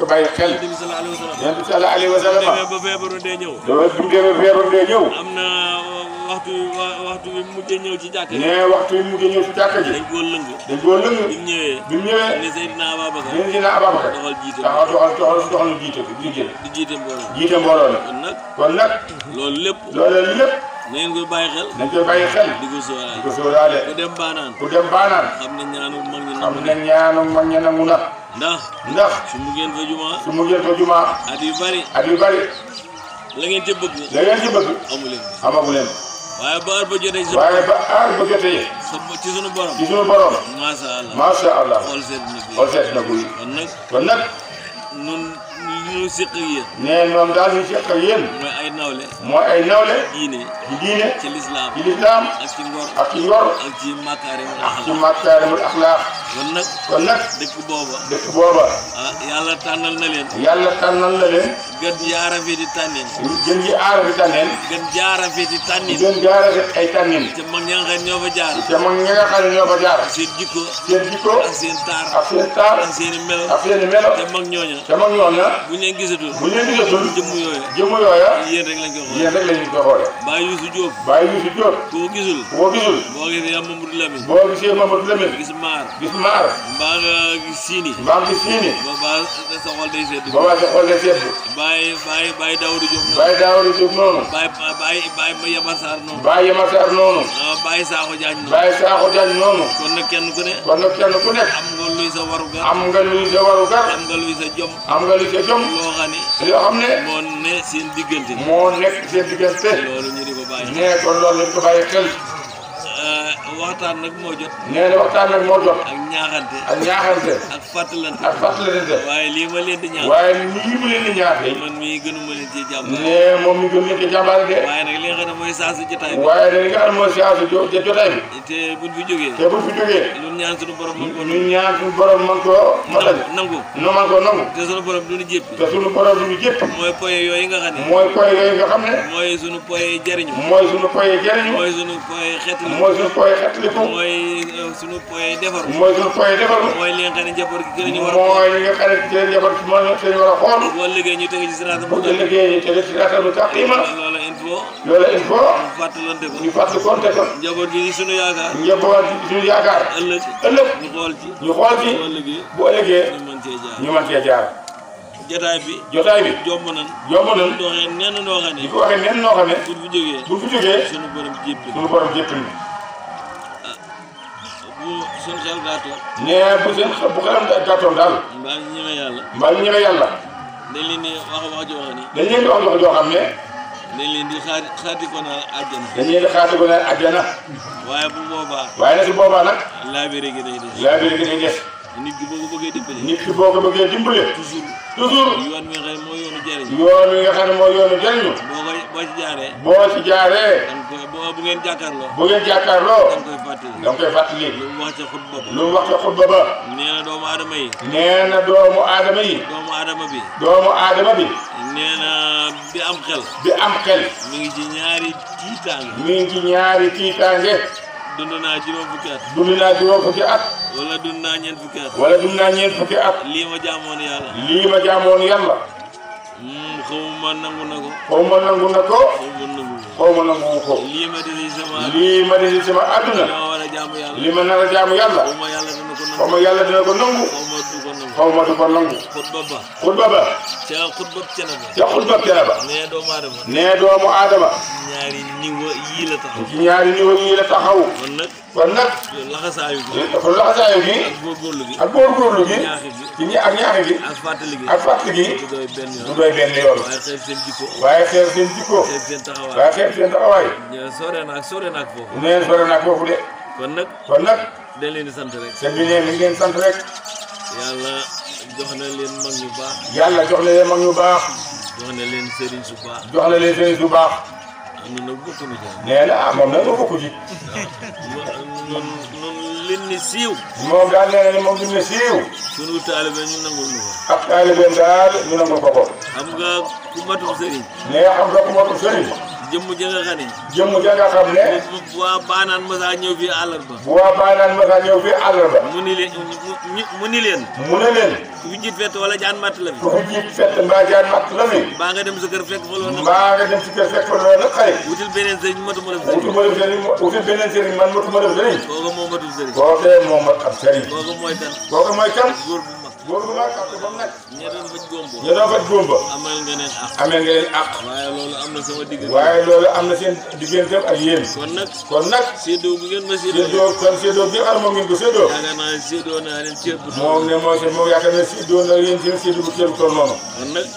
ko bàyyi xel. yéen bi salla alayhi wa sallam. bu demee ba feebaru dee ñëw. bu demee ba feebaru dee ñëw. am na uh, waxtu waxtu bi mu mujjee ñëw ci jàkka ji. mais waxtu bi mu mujjee ñëw ci jàkka ji. dañ koo lëng. dañ koo lëng. bi mu ñëwee. bi mu ñëwee. ne Seydina Ababacar. ne Seydina Ababacar. doxal jiite doxal doxal doxal jiite bi di jiite. di jiite mbooloo. jiite mbooloo la. kon nag. kon nag. loolu lépp. loolu lépp. na ngeen koy bàyyi xel. nañ koy bàyyi xel. di ko sóoraale. di ko sóoraale. ku dem baanaan. ku dem baanaan. xam ne ñaanu mag ñi nangu na. xam ne ñaanu mag ñi nangu na. ndax. ndax. su mu fa jumaa. su fa jumaa. at yu bari. at yu bari. la ngeen ci bëgg. la ngeen ci bëgg. amu leen amagu leen. waaye ba aar ba jotee. waaye ba aar ba jotee. ci sunu borom. ci sunu borom. macha allah macha allah. xool seet na kuy. kon nag. kon nag. nun. ñoo seq yéen. nee ñoom daal ñu seq yéen. mooy ay nawle. mooy ay nawle. diine ci diine. ci lislaam ci lislaam. ak ci ngor ak ci ngor. ak ci makaarimul axlaaq ak ci makaarimul axlaaq. kon nag kon nag. dëkk booba. dëkk booba. ah yàlla tànnal na leen. yàlla tànnal na leen. gën jaarafeeti tànnin gën gi aarafi tànnin gën jaarafeeti tànnin gën jaarafeet ay tànnin te mag ñoo fa jaar te mag ña ñoo fa jaar seen jikko seen jikko ak seen taar ak seen i melo ak seen i melo te mag ñooña te mag ñooña bu ñu yooya jëmm yooya yéen rek lañ koy xool yéen Yuusu Jóob bàyyi gisul boo gisul boo gisee Mamadou Lamine boo gisee Mamadou Lamine gis maar gis maar mbaa nga gis siini mbaa nga gis siini boobaa sa xol day sedd boobaa Baye Baye Baye Daouda Diop noonu. Baye Daouda Diop noonu. Baye Baye Baye Yamar Sarr noonu. Baye Yamar Sarr noonu. Baye Sakho Diagne noonu. Baye Sakho Diagne noonu. kon nag kenn ku ne. kon nag kenn ku ne. am nga luy sa warugar. am nga luy sa warugar. am nga luy sa jom. am nga luy sa jom. loo xam ne. yoo xam ne. moo ne seen diggante. moo nekk seen diggante. loolu ñu di ko bàyyi. mais kon loolu lañ ko bàyyi xel. Euh, waxtaan nag moo jot. nee na waxtaan nag moo jot. ak ñaaxante. ak ñaaxante. ak fàttalante. ak fàttalante. waaye lii ma leen di ñaax. waaye lii ma leen di ñaax. man mii gënu ma leen cee jàmbaare. nee moom mi gën leen cee jàmbaare de. waaye nag li nga xam ne mooy saasu jotaay bi. waaye nag li nga mooy saasu jotaay mooy poye yooyu nga mooy poye yooyu nga mooy suñu poye jariñu. mooy suñu poye jariñu. mooy suñu point xetliku. Euh, mooy suñu point defaru. mooy suñu point defaru. mooy li nga xam ne njaboot gi gën a ñu war a. mooy li nga xam ne seen njaboot gi moom lañ war a xool. boo liggéey ñu tege ci siraatal mu tàqima. boo liggéey ñu tege ci siraatal mu tàqima. loola il faut. loola il faut. ñu fàttalante ko. ñu fàttalante ko. njaboot gi di suñu yaakaar. njaboot gi di suñu yaakaar. ëllëg ëllëg. ñu xool ci. ñu xool ci boo liggéey ñu mën cee jaar jotaay bi jotaay bi jomb nañ jomb nañ doxee nenn noo xam ne di ko waxee nenn noo xam ne bu fi jógee bu fi jógee suñu borom jéppi suñu borom jéppi bu seen xel gàttoo. nee bu seen xel bu xel gàttoo daal. mbaa ñu ñeme yàlla. mbaa ñu ñeme yàlla. dañ leen di wax wax joo xam ne. dañ leen di wax wax joo xam ne. dañ leen di xaar xaati ko naan àjjana. dañ leen di xaati ko naan àjjana. waaye bu boobaa. waaye nag su boobaa nag. laabire gi day def. laabire gi day def. ko bëggee dimbale. nit yoonu jëriñu. yoon wi yoonu jëriñu. boo ci boo ci jaaree. bu ngeen jàkkaarloo. bu ngeen jàkkaarloo. da nga koy fàttali. da nga koy fàttali. wax ca xutba ba. lu doomu aadama yi. nee na doomu aadama yi. doomu aadama bi. doomu aadama bi. nee na am xel. bi am xel. mu ngi ci ñaari tiitaange. mu ngi ci ñaari tiitaange. dund naa juróom fukki at. dund naa juróom fukki at. naa ñeent fukki wala dund naa ñeent fukki at. lii ma jaamoon yàlla. lii ma jaamoon yàlla. xawma nangu na ko. xawma nangu na ko. xawma nangu ko. lii ma desi sama. lii ma desi sama àdduna. li ma war a jaamu yàlla. li ma nar a jaamu yàlla. xawma yàlla dina ko nangu. du ko nangu xaw ma du ko nangu xutba ba xutba ba ca xutba Ceneba ca aadama nee doomu aadama ñaari niwa yii la taxaw ñaari niwa yii la taxaw kon nag kon nag laxasaayu gi dafa laxasaayu benn yoon du doy benn yoon waaye xeeb sore naag sore naag foofu nee kon nag kon nag dañ leen sant rek sëñ bi nee na ngeen sant rek yàlla jox na leen mag ñu baax. yàlla jox na leen mag ñu baax. jox na leen sëriñ su baax. jox na leen sëriñ su baax. am na nag bokk na ci. nee na ah moom nag ma bokk ci. waaw noonu leen ni siiw. moom daal nee na ni moom lim ne siiw. sunu taalibe ñu nangul ñu ko. ak taalibeem daal ñu nangul ko ko. xam nga ku matum sëriñ. nee xam jëmm ja nga xam ne. jëmm ja nga xam ne. bu bu waa baanaan masaa ñëw fii àllarba. bu waa baanaan masaa ñëw fii àllarba. mu ni leen mu ni leen. mu ne leen. ku fi jiit fett wala jaan matt la fi. ku fi jiit fett mbaa jaan matt la fi. mbaa nga dem sa kër fekk fa loolu nag. mbaa nga dem sa kër fekk fa loolu nag xëy. wutil beneen sëriñ matuma def sëriñ. wutuma def sëriñ wutil beneen sëriñ man matuma def sëriñ. kooku moo matul sëriñ. kooku moo mat ab sëriñ. kooku mooy kan. kooku mooy kan. boobu nag parce que ba mu nekk. ña doon faj góomba. amee nga leen àq. amee na sama diggante. waaye loolu am na seen digganteem ak yéen. kon nag kon nag. séddoo bu ngeen ma séddoo. séddoo kon séddoo bi ar moom ko séddoo. yaakaar naa ne séddoo naa leen ceeb bu. moom ne mooy moom yaakaar naa ne séddoo na leen seen séddu bu ceeb kon moom.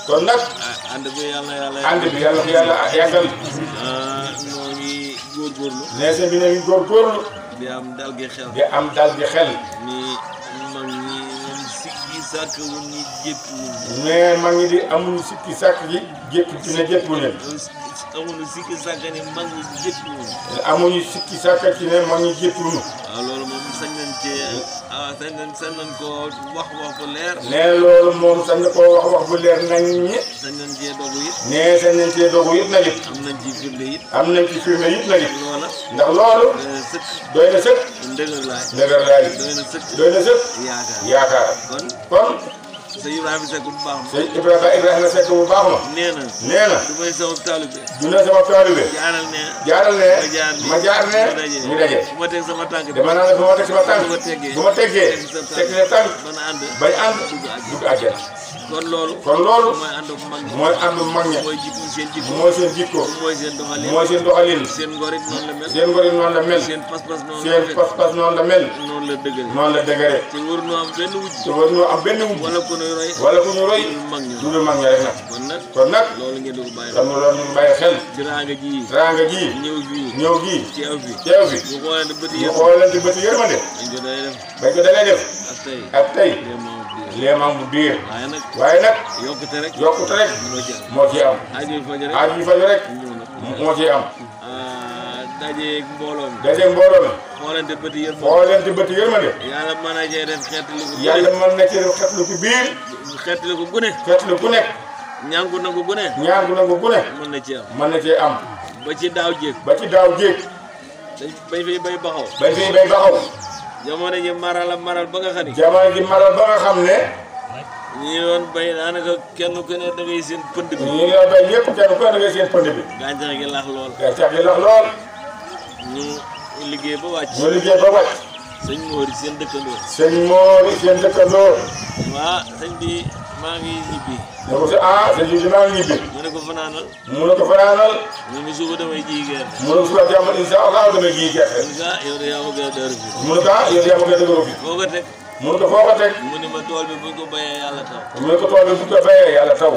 kon bi yàlla yàlla. ànd bi yàlla yàlla yàggal. ah ñoo ngi góorgóorlu. ne am dal gi xel. di am dal gi xel. sàkk wu ñu jëpp wu mais mag ñi di amuñu sikki sàkk ji jëpp dina jëpp wu leen. amuñu sikki sàkk ne mag ñi jëpp wu amuñu sikki ah, sàkk ci ne mag ñi jëpp wu loolu sañ nañ cee ah, sañ nañ sañ nañ koo wax leer. nee loolu moom sañ na wax wax bu leer nañ ñi. sañ nañ cee dogu it. nee sañ nañ cee dogu it am nañ ci firnde it. ndax loolu. doy na sëkk. doy na sëkk. ndëgër laay. ndëgër laay. doy na sëkk. doy kon kon. sëñ Ibrahima Seck bu baax ma. sëñ Ibrahima Ibrahima Seck bu baax ma. nee na. nee na du may sama taalibe. du may sama taalibe. jaaral ne. jaaral ne ma jaar ne ñu daje. bu ma teg sama tànk dama naan la bu ma teg sama tànk bu ma teggee. teg sa tànk bañ ànd dugg kon loolu kon loolu mooy àndu mag ñi mooy àndu mag ñi mooy jikko seen jikko mooy seen jikko mooy seen doxalin mooy la mel seen pas-pas noonu la mel seen la mel noonu la la am benn wujj te waruñoo roy wala ku mag ñi dul nag kon nag kon nag loolu ngeen di xel loolu ñu bàyyi xel teraanga gi ñëw fi teew fi bu xoolante bëti yërmande bu xoolante bëti yërmande bañ tey ak tey léemaam waaye nag yokkute rek yokkute rek moo ci am aaju yu faju rek aaju yu faju rek moo ci am ah, dajeeg mbooloo mi dajeeg mbooloo mi xoolante bëti yërmande xoolante bëti yërmande yàlla mën na cee def xeetlu ko yàlla mën na cee def xeetlu ko biir xeetlu ko gune xeetlu ku nekk ñaan gu nangu gune ñaan gu nangu gune mën na cee am mën na cee am ba ci daaw jéeg ba ci daaw jéeg dañ bañ fay bay baxaw bañ fay bay baxaw jamono ji maral a maral ba nga xam ne jamono ji maral ba nga xam ne ñi doon bay daanaka kenn ku ne da ngay pënd bi. ñi doon bay yëpp kenn ku ne da pënd bi. gàncax gi lax lool. gàncax gi lax lool. ñu liggéey ba wàcc. ñu liggéey ba wàcc. sëñ Mor seen dëkkandoo. sëñ Mor waa sëñ bi maa ngi ñibbi. ne ko si ah sëñ bi maa ngi ñibbi. mu ko fanaanal. mu ne ko fanaanal. mu ne suba damay ji allah damay ji gerte. mu ne ko ah yow de yaa ma gën a dëgër bi. mu ne ko ah yow de yaa a dëgër mu da foo ko teg. mu ne ma tool bi buñ ko bayee yàlla taw. mu ne ko tool bi buñ ko bayee yàlla taw.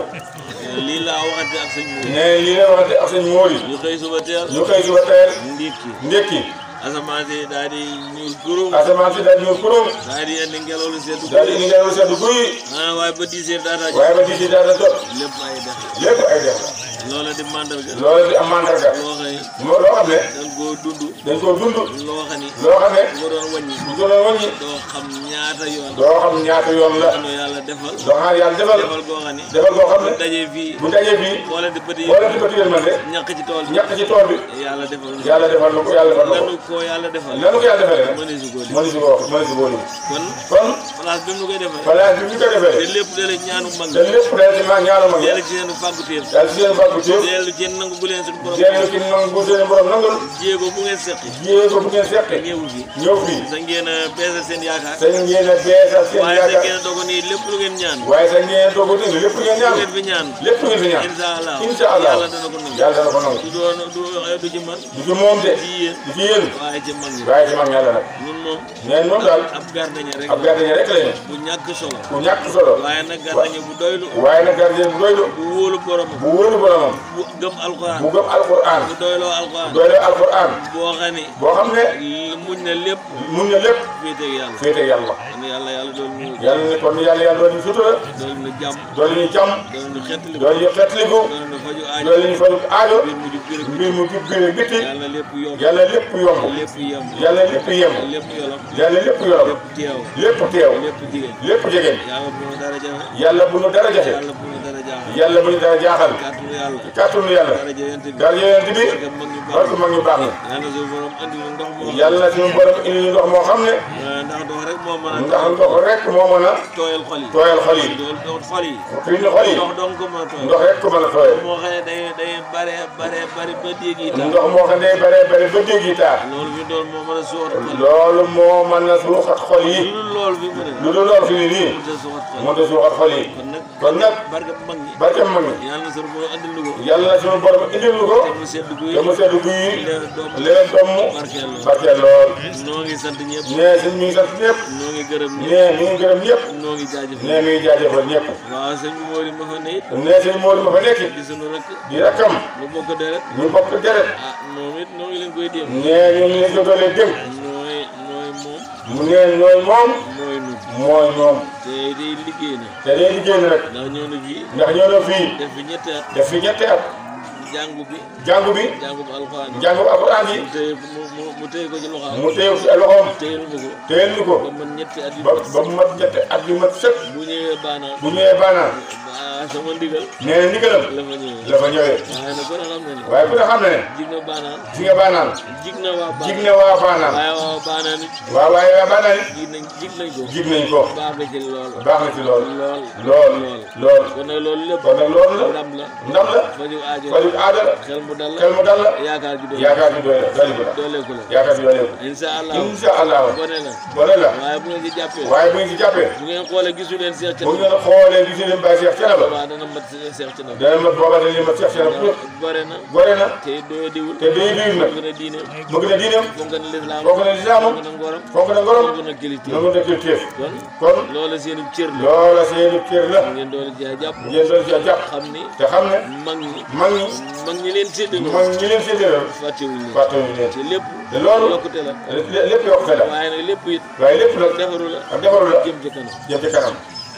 lii laa waxante ak sëñ Mori. mais lii la waxante ak sëñ Mori. ñu xëy suba teel. ñu xëy suba teel. ndékki ndékki. asamaan si daal di ñuul kurum. asamaan si daal di ñuul kurum. daal di indi ngelaw lu sedd. daal di indi ngelaw lu sedd guy. ah waaye ba 10 heures daal daa jot. waaye ba 10 heures daal daa jot. lépp ay dex la. lépp ay dex la. loola di mandarga. loola di am mandarga. loo xëy. loo loo xam ne. dañ koo dund. dañ koo dund. loo xam ne. loo xam ne. nga doon wàññi. nga doon wàññi. doo xam ñaata yoon. doo xam ñaata yoon la. doo yàlla defal. doo xam yàlla defal. defal goo xam ne. defal goo xam ne. bu dajee fii. bu dajee fii. boole di bëti boole di bëti yërmande. ñàkk ci tool bi ñàkk ci tool bi. yàlla defal ko yàlla defal ko yàlla defal ko. lanu ko yàlla defal. lanu ko yàlla defal rek. mënees yu góor yi mënees yu góor yi mënees yu góor yi. kon kon. place bi mu koy defee. place bi mu koy defee. te lépp da la ñaanu mag. te lépp da la ñaanu mag. yàlla ci seen fàggu téef. yàlla ci seen fàggu nangu jëf dellu jën nangu bu leen suñu borom dellu ci nangu bu leen borom nangul jéego bu ngeen seqi jéego bu ngeen seqi ñëw fi ñëw fi sa ngeen a beesal seen yaakaar sa ngeen a beesal seen yaakaar waaye sa ngeen a dogu ni lépp lu ngeen ñaan waaye sa ngeen a dogu ni lépp lu ngeen ñaan lépp ñaan lépp ngeen fi ñaan incha allah incha allah yàlla dana ko nangu yàlla dana ko nangu du doon du eh, du ci man du ci moom de ci yéen du ci yéen waaye ci man waaye ci man yàlla nag ñun moom ñeen moom daal ab gardien rek ab gardien rek lañu bu ñàkk solo bu ñàkk solo waaye nag gardien bu doylu waaye nag gardien bu doylu bu wóolu borom bu wóolu borom boromam. bu gëm alxuraan bu gëm alxuraan. bu doyloo alxuraan doyloo alxuraan. boo xam ne. boo xam ne. muñ na lépp. muñ na lépp. féeteeg yàlla féeteeg yàlla. kon yàlla yàlla doon ñu. yàlla kon yàlla yàlla doon ñu sutura. doon ñu jàmm doon ñu jàmm. doon ñu xetliku doon ñu xetliku. doon ñu faju aajo doon ñu faju aajo. mbir mu jub gën a bitti. yàlla lépp yomb yàlla lépp yomb. lépp yemb yàlla lépp yemb. lépp yolam yàlla lépp yolam. lépp teew lépp teew. lépp jigéen lépp jigéen. yàlla bu nu dara jafe. yàlla bu nu dara jafe. yàlla bu ñu dara jaaxal. ci kàttanu yàlla. daal yonent bi. parce que mag ñu baax la. yàlla suñu borom indi ñu ndox moo xam ne. Eh, ndax ndox rek moo mën a. ndax ndox rek moo mën a. tooyal xol yi tooyal xol yi. xol yi. ndox dong ko mën a tooyal. ndox rek ko mën a tooyal. moo xam ne day day bare bare bare ba dégg yi taar. ndox moo xam ne day bare bare ba dégg yi taar. loolu fi doon moo mën a suuxat xol yi. loolu moo mën a suuxat xol yi. lu dul loolu fi mu ne nii. mënut a suuxat xol yi. kon nag. barke mag mi yàlla sama borom indil lu ko yàlla sama borom indil lu ko dama sedd guy dama sedd guy leen domm barkeel lool noo ngi sant ñëpp nee sëñ mi ngi sant ñëpp noo ngi gërëm nee mi ngi nee mi ngi jaajëfal ñëpp nee sëñ Mori ma fa nekk di rakkam ñu bokk deret nee ñu ah, ngi leen koy dénk mu ne ñooy moom. mooy ñun mooy moom. te day liggéey nag. te day liggéey nag. ndax ñoo na fii. ndax ñoo na fii. def fi ñetti at. def fi ñetti at. jàngu bi. jàngu bi. jàngu bu alxuraan bi. jàngu bu alxuraan bi. mu téye mu téye ko ci loxoom. mu téye ko ci loxoom. téyel ñu ko. téyel ñu ko. ba mu mat ñetti at yu mat. ba mu mat ñetti at yu mat sëkk. bu ñëwee baanaan. bu ñëwee baanaan. ah sama ndigal. nee na ndigalam. la fa ñëwee la fa ñëwee. Ah, waaye nag gën a xam ne. waaye gën a xam ne. jig na baanaan. ji nga baanaan. jig na waa baanaan jig na waa baanaan. waaye waa baanaan it. waaw waaye waa baanaan it. jig nañ jig nañ ko. jig nañ ko. baax na ci lool. baax na ci lool. lool lool lool. kon nag loolu lépp. kon nag loolu la ndam la. ndam la. faju aajo la faju aajo la. xel mu dal la xel mu dal la. yaakaar ju doy la yaakaar ju doy la. dooleeku la yaakaar ju dooleeku. incha allah incha allah. bone la bone la. waaye bu ngeen ci jàppee. waaye bu ngeen ci jàppee. bu ngeen xoolee gisu leen seex ca. bu ngeen xoolee gisu leen bàyyi seex ca la waaw dana mat seex ci ndaw dana mat booba dana mat seex ci ndaw gore na gore na te doyo diwul te doyo diwul nag bëgg na diineem bëgg na diineem fonk na lislaam fonk na lislaamam fonk na ngorom fonk na ngorom fonk na kilifteef fonk na kilifteef kon kon loola seen cër la loola seen cër la ngeen doon jaa jàpp ngeen doon jaa jàpp xam ni te xam ne mag ñi mag ñi mag ñi leen séddaloon mag ñi leen séddaloon fàttewuñ leen fàttewuñ leen te lépp te loolu yokkute la lépp yokkute la waaye nag lépp it waaye lépp nag defaru la ak defaru la jëm ci kanam jëm ci kanam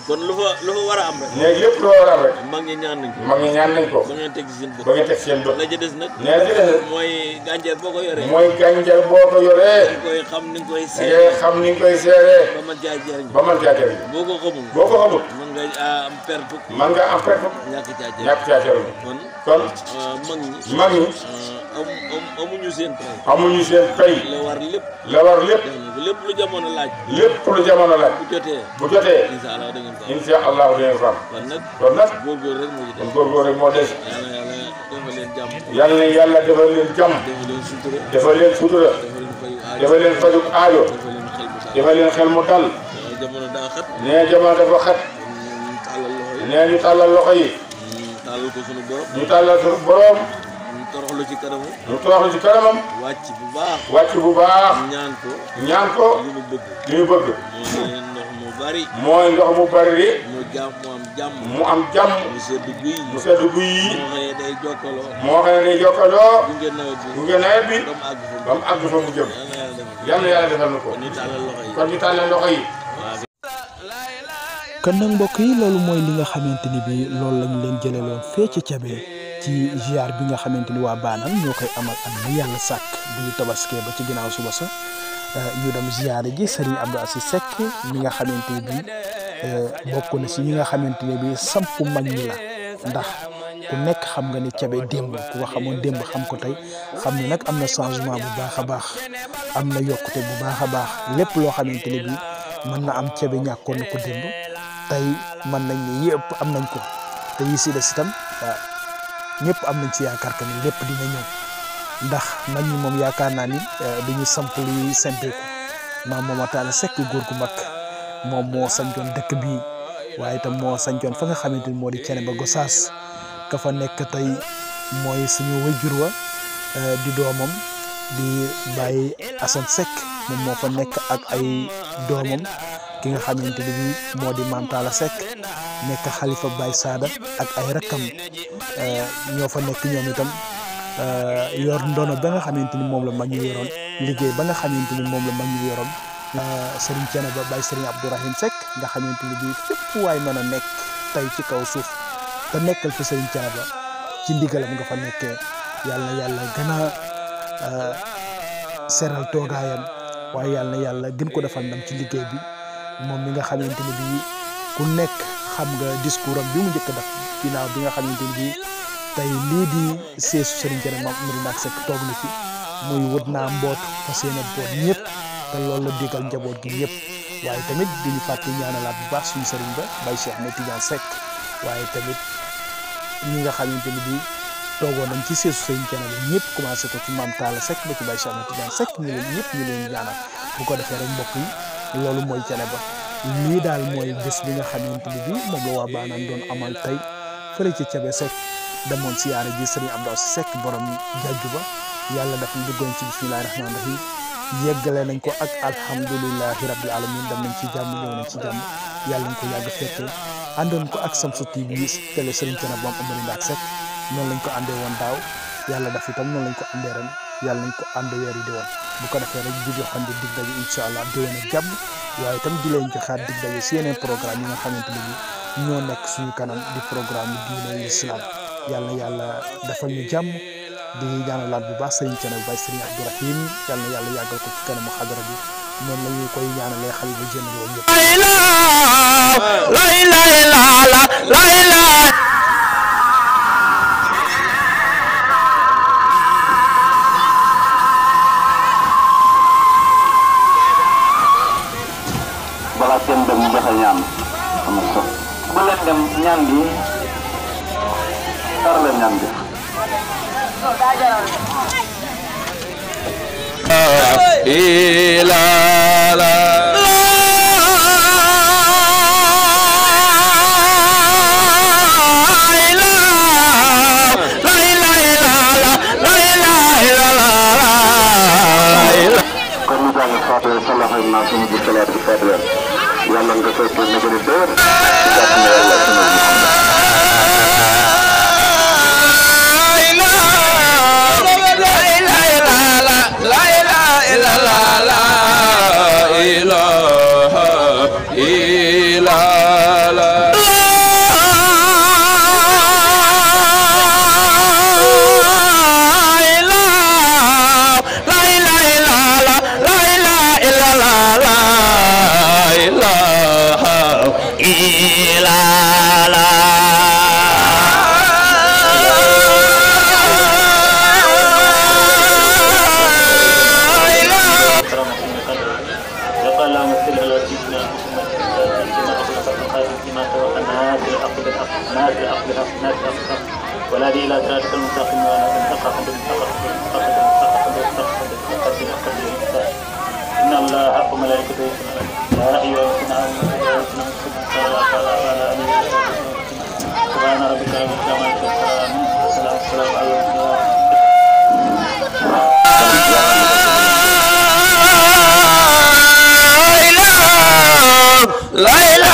kon lu fa lu fa war a am rek. léegi lépp lu war a am ñi ñaan nañ ko mag ñi ñaan nañ ko. ba ngeen teg seen bët ba ngeen teg seen bët. la des nag. nee na ca des nag mooy gàncax boo ko yoree. mooy gàncax boo ko yoree. da koy xam ni nga koy xam ni nga koy seeree. ba man caa ba man caa jëriñ. boo ko xamul. boo ko xamul. mën nga ah, am perte. mën nga am perte. ñàkk caa jëriñ ñàkk caa jëriñ. kon kon ah, mag ñi mag ñi. Ah, amuñu seen fay. amuñu seen fay. la war lépp. la war lépp. lépp lu jamono laaj. lépp lu jamono laaj. bu jotee. bu jotee. incha allah da ngeen ko am incha allah da ngeen ko am. kon nag kon nag. góorgóor rek moo ci des. góorgóor rek moo des. defal leen jàmm. yàlla na yàlla defal leen jàmm. defal leen sutura. defal leen sutura. defal leen fajug aajo. defal leen xel mu dal. nee jamono daa xat. nee jamono dafa xat. nee ñu tàllal loxo yi. ñu mm, tàllal ko sunu borom. ñu tàllal sunu borom. muy toroxlu ci kanamam. muy toroxlu ci wàcc bu baax. wàcc bu baax. ñaan ko. ñaan ko li mu bëgg. jàmm mu am jàmm. mu am jàmm. bi gunge nawet bi. ba mu àgg fa mu jëm. yal na yàlla ko. kon yi. kon kon nag mbokk yi loolu mooy li nga xamante ni bi loolu lañ leen jëlee loon fee ci Thiamène ci ziar bi nga xamante ni waa Banal ñoo koy amal am na yàlla sàkk bu ñu tabaskee ba ci ginaaw suba sa euh, ñu dem ziare ji Serigne Abdou Aziz Seck mi nga xamante ne bii euh, bokk na si ñi nga xamante ne bii sampu mag ñi la ndax ku nekk xam nga ni cabe démb ku ko xamoon démb xam ko tey xam ne nag am na changement bu baax a baax am na yokkute bu baax a baax lépp loo xamante ne bii mën na am cabe ñàkkoon na ko démb tey nañ ne yëpp am nañ ko te yi si des itam ñepp am nañ ci yaakar que lepp dina ñew ndax nañ ñi mom yaakar na ni dañu euh, samp sante ko ma mooma taala sekk goor gu mag mo moo dekk bi fa nga xamanteni modi di cene ba gossas ka fa nek tay moy suñu wajur euh, di domam di baye asan sekk mom mo fa nek ak ay domam ki nga xamanteni modi moo di taala sekk nek khalifa Bay Sada ak ay rakkam eh, ñoo fa nek ñoom itam eh, yor ndono ba nga xamanteni mom la mag ñu yoron liggey ba nga xamanteni mom la mag ñu euh serigne Cene ba Baye sëriñ Abdourahim sek nga xamanteni bi fepp way mëna nek tay ci kaw suuf ta nekkal fi serigne Cene ba ci ndigalam nga fa nekkee yalla yalla gëna euh seral toogaayam way yalla yalla gën ko defal ndam ci liggey bi mom mi nga xamanteni bi ku nekk xam nga discours am bi mu njëkk daf ginnaaw bi nga xamante ni bii tey lii di seesu sëriñ Jëne Maam Amady Ndaak Seck toog na ci muy wut naa mboot fa seen a boot ñëpp te loolu la digal njaboot gi yëpp waaye tamit di ñu fàtte ñaanalaat bu baax suñu sëriñ ba bay Cheikh ne Tidiane Seck waaye tamit ñi nga xamante ni bi toogoon nañ ci seesu sëriñ Jëne ba ñëpp commencé ko ci maam taala Seck ba ci bay Cheikh ne Tidiane Seck ñu leen ñëpp ñu leen ñaanal bu ko defee rek mbokk yi loolu mooy Jëne ba lii daal mooy bés bi nga xamante ni bii moom la waa Banaan doon amal tey fële ci Kébé Seck demoon siyaare ji Serigne Abdou Aziz Seck borom jajju ba yàlla dafa duggoon ci bismillahi rahmaani rahim yeggale nañ ko ak alhamdulilahi rabbil alamin dem nañ ci jàmm ñëw nañ ci jàmm yàlla nañ ko yàgg fekkee àndoon ko ak Shamsu TV télé Serigne Thiénaba Amary Ndack Seck noonu lañ ko àndee woon baaw yàlla daf itam noonu lañ ko àndee ren yàlla nañ ko ànd weer yi di woon bu ko defee rek di joxoon di dig daje incha allah déwén ak jàmm waaye itam di leen joxaat dig daje si yeneen programme yi nga xamante ne bii ñoo nekk suñu kanam di programme diine islam yàlla na yàlla defal ñu jàmm di ñaanalaat bu baax sëriñ Thiénaba Baye sëriñ Abdou Rahim yàlla na yàlla yàggal ko ci kanamu xadara bi noonu la ñuy koy ñaanalee xale bu jënd loolu yëpp. belendam nyandi tarlem nyandi ila Super Negative Bird. That's another lesson نازل أقلها نازل أقلها والذي إلى ذلك المنتقم انتقم بالمنتقم بالمنتقم بالمنتقم بالمنتقم بالمنتقم بالمنتقم بالمنتقم إن الله وملائكته يصلون يا أيها الذين آمنوا سبحان ربك رب العزة عما يصفون والسلام على المرسلين لا إله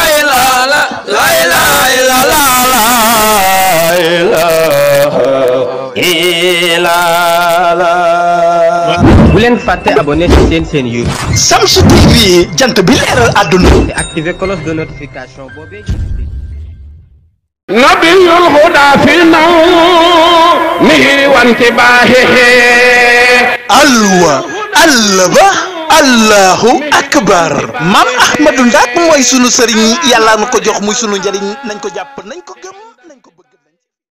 leen faté abonné ci sen sen yu samsu TV jant bi leral aduna e activer cloche de notification boobee nabiyul huda fi na mihi wanti baahihi alwa alba allahu akbar Mam ahmadou ndak moy sunu serigne yalla nu jox moy sunu njariñ nañ ko jàpp gem. ko